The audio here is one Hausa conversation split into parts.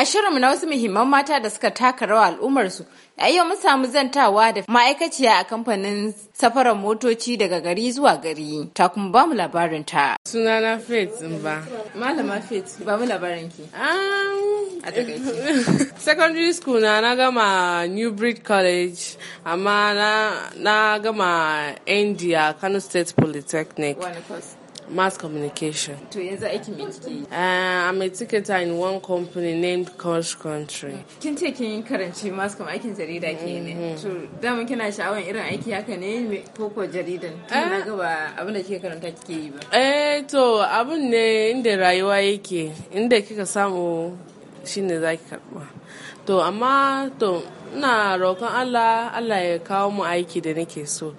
A shirinmu na wasu muhimman mata da suka taka rawa al'ummarsu, a yau mun samu zantawa da ma'aikaciya a kamfanin safarar motoci daga gari zuwa gari. Ta kuma ba mu labarin ta. Sunana Faith ba. Malama Faith, ba mu labarin ki. Secondary school na na gama New Breed College, amma na, na gama India Kano State Polytechnic. Wani course? mass communication. To yanzu aikin me kike yi? Eh, I'm a ticketer in one company named Coach Country. Kin ce kin karanci mass com aikin jarida ke ne. Mm-hmm. To dama kina sha'awar irin aiki haka ne ko ko jaridan? Tun na eh? gaba abin da kike karanta kike yi ba. Eh to abin ne inda rayuwa yake inda kika samu shine zaki karba. To amma to ina roƙon Allah Allah ya kawo mu aiki da nake so.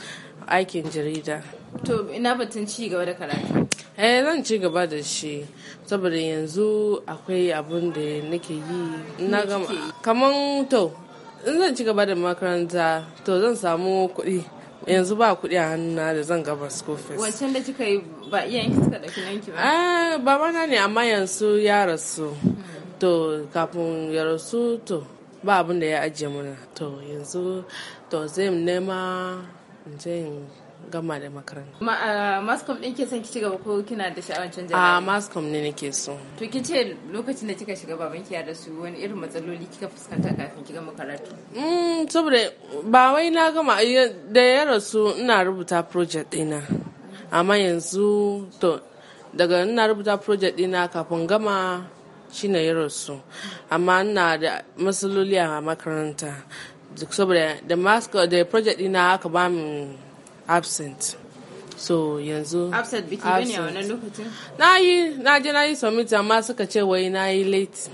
aikin jarida to ina batun ci gaba da karatu eh zan ci gaba da shi saboda yanzu akwai abun da nake yi na gama kaman to in zan ci gaba da makaranta to zan samu kuɗi yanzu ba kuɗi a hannuna da zan gaba school fees wancan da kika yi ba iyayenki suka ɗauki nanki ba baba ah, babana ne amma yanzu ya rasu hmm. to kafin ya rasu to ba abin da ya ajiye mana to yanzu to zai nema in in gama da makaranta. Ma, uh, mascom din ke son ki cigaba ko kina da sha'awar canja ah, rayuwa? A mascom ne nake so. To ki ce lokacin da kika shiga baban ki da su wani irin matsaloli kika fuskanta kafin ki gama karatu? Mm, saboda ba wai na gama eh, da ya rasu ina rubuta project dina Amma yanzu to daga ina rubuta project dina kafin gama shi na ya rasu amma ina da matsaloli a makaranta saboda da mask da project dina aka ba mu absent so yanzu absent biki bane a wannan lokacin na yi na je na yi submit amma suka ce wai na yi late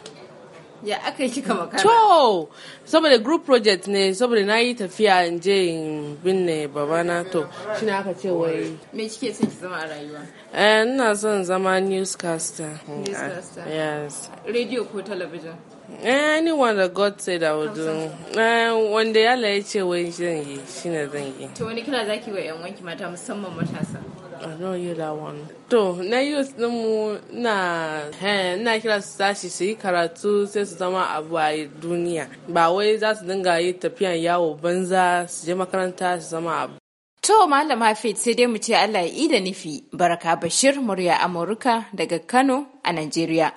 ya aka yi kika makara to saboda group project ne saboda na yi tafiya in je in binne babana to shine aka ce wai me kike son ki zama a rayuwa eh ina son zama newscaster newscaster yes radio ko television Eh, anyone da god said i would do eh, wanda ya laye ce wai zan yi shi ne zan yi to wani kira zaki wa yan wanki mata musamman matasa I know you that one. To, na yi din mu na eh, na kira su tashi su yi karatu sai su zama abu a duniya. Ba wai za su dinga yi tafiyan yawo banza su je makaranta su zama abu. To, Malam Hafid sai dai mu ce Allah ya yi da nufi. Baraka Bashir, murya Amurka daga Kano a Najeriya.